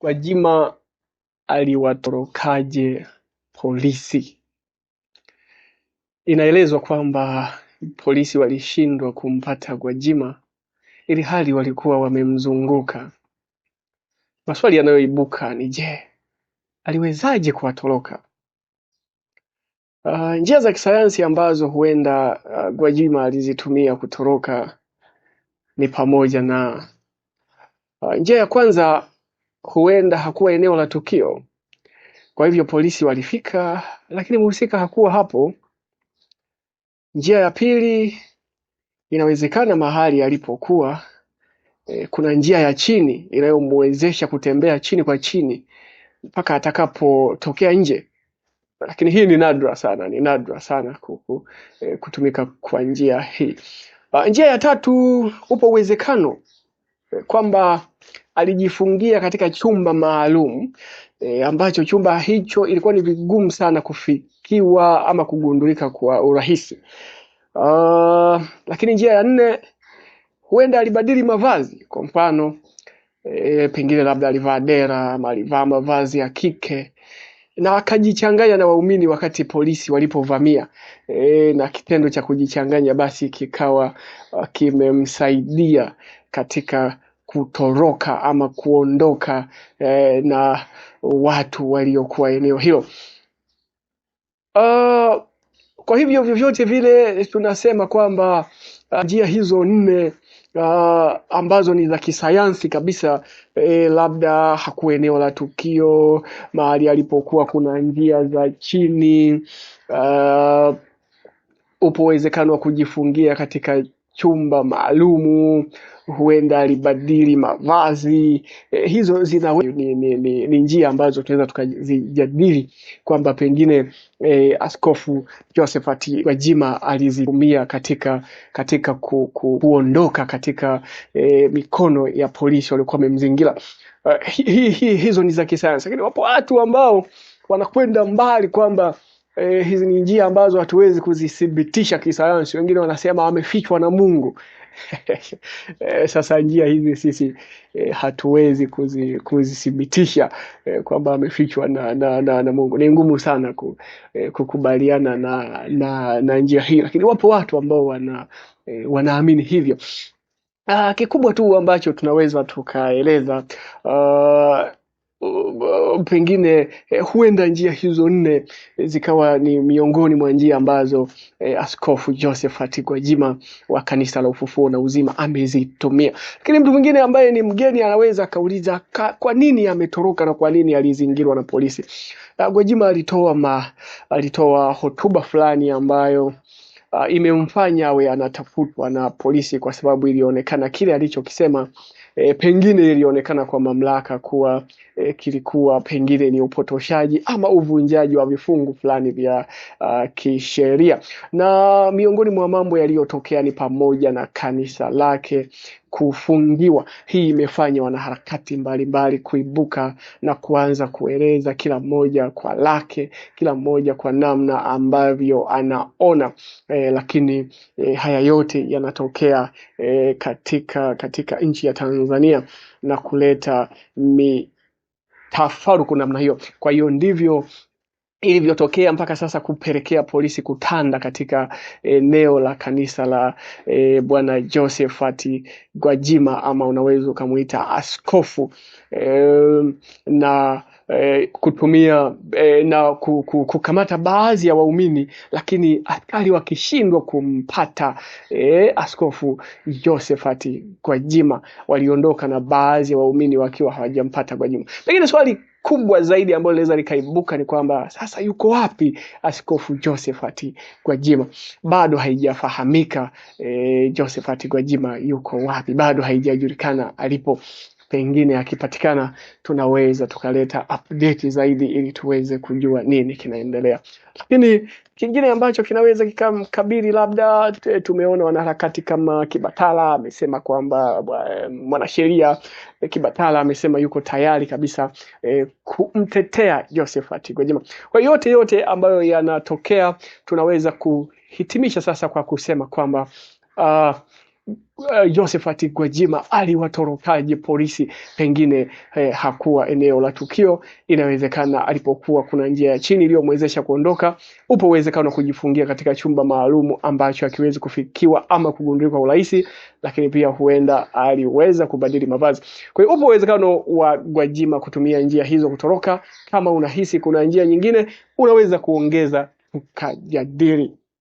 Gwajima aliwatorokaje polisi Inaelezwa kwamba polisi walishindwa kumpata Gwajima hali walikuwa wamemzunguka. Maswali yanayoibuka ni je, aliwezaje kuwatoroka? Uh, njia za kisayansi ambazo huenda uh, Gwajima alizitumia kutoroka ni pamoja na uh, njia ya kwanza huenda hakuwa eneo la tukio. Kwa hivyo polisi walifika, lakini mhusika hakuwa hapo. Njia ya pili, inawezekana mahali alipokuwa e, kuna njia ya chini inayomwezesha kutembea chini kwa chini mpaka atakapotokea nje, lakini hii ni nadra sana, ni nadra sana kuku, e, kutumika kwa njia hii. Ah, njia ya tatu, upo uwezekano e, kwamba alijifungia katika chumba maalum e, ambacho chumba hicho ilikuwa ni vigumu sana kufikiwa ama kugundulika kwa urahisi. Uh, lakini njia ya nne, huenda alibadili mavazi. Kwa mfano e, pengine labda alivaa dera ama alivaa mavazi ya kike na akajichanganya na waumini wakati polisi walipovamia e, na kitendo cha kujichanganya basi kikawa ah, kimemsaidia katika kutoroka ama kuondoka eh, na watu waliokuwa eneo hilo. Uh, kwa hivyo vyovyote vile tunasema kwamba uh, njia hizo nne uh, ambazo ni za kisayansi kabisa e, labda hakuwa eneo la tukio, mahali alipokuwa kuna njia za chini uh, upo uwezekano wa kujifungia katika chumba maalumu, huenda alibadili mavazi e, hizo zina ni, ni, ni, ni njia ambazo tunaweza tukazijadili kwamba pengine e, Askofu Josephat Gwajima alizitumia katika katika ku, ku, kuondoka katika e, mikono ya polisi waliokuwa wamemzingira. Uh, hi, hi, hi, hizo ni za kisayansi, lakini wapo watu ambao wanakwenda mbali kwamba e, hizi ni njia ambazo hatuwezi kuzithibitisha kisayansi. Wengine wanasema amefichwa na Mungu. E, sasa njia hizi sisi e, hatuwezi kuzi, kuzithibitisha e, kwamba amefichwa na, na, na, na Mungu. Ni ngumu sana ku, e, kukubaliana na, na, na njia hii, lakini wapo watu ambao wana e, wanaamini hivyo. Aa, ah, kikubwa tu ambacho tunaweza tukaeleza aa, ah, Uh, pengine eh, huenda njia hizo nne eh, zikawa ni miongoni mwa njia ambazo eh, Askofu Josephat Gwajima wa Kanisa la Ufufuo na Uzima amezitumia. Lakini mtu mwingine ambaye ni mgeni anaweza akauliza kwa nini ametoroka na kwa nini alizingirwa na polisi. Ah, Gwajima alitoa ma, alitoa hotuba fulani ambayo uh, imemfanya awe anatafutwa na polisi kwa sababu ilionekana kile alichokisema e, pengine ilionekana kwa mamlaka kuwa e, kilikuwa pengine ni upotoshaji ama uvunjaji wa vifungu fulani vya uh, kisheria. Na miongoni mwa mambo yaliyotokea ni pamoja na kanisa lake kufungiwa. Hii imefanya wanaharakati mbalimbali mbali kuibuka na kuanza kueleza kila mmoja kwa lake, kila mmoja kwa namna ambavyo anaona e, lakini e, haya yote yanatokea e, katika, katika nchi ya Tanzania na kuleta mi tafaruku namna hiyo. Kwa hiyo ndivyo ilivyotokea mpaka sasa kupelekea polisi kutanda katika eneo la kanisa la e, Bwana Josephat Gwajima ama unaweza ukamwita askofu e, na E, kutumia e, na kukamata baadhi ya waumini, lakini askari wakishindwa kumpata e, askofu Josephat Gwajima, waliondoka na baadhi ya waumini wakiwa hawajampata Gwajima. Pengine swali kubwa zaidi ambalo linaweza likaibuka ni kwamba sasa yuko wapi Askofu Josephat Gwajima? Bado haijafahamika e, Josephat Gwajima yuko wapi, bado haijajulikana alipo pengine akipatikana, tunaweza tukaleta update zaidi ili tuweze kujua nini kinaendelea. Lakini kingine ambacho kinaweza kikamkabili, labda tumeona wanaharakati kama Kibatala amesema kwamba mwanasheria eh, Kibatala amesema yuko tayari kabisa eh, kumtetea Josephat Gwajima. Kwa yote yote ambayo yanatokea, tunaweza kuhitimisha sasa kwa kusema kwamba uh, uh, eh, Josephat Gwajima aliwatorokaje polisi? Pengine eh, hakuwa eneo la tukio, inawezekana alipokuwa kuna njia ya chini iliyomwezesha kuondoka. Upo uwezekano wa kujifungia katika chumba maalumu ambacho hakiwezi kufikiwa ama kugundulika kwa urahisi, lakini pia huenda aliweza kubadili mavazi. Kwa hiyo upo uwezekano wa Gwajima kutumia njia hizo kutoroka. Kama unahisi kuna njia nyingine, unaweza kuongeza tukajadili.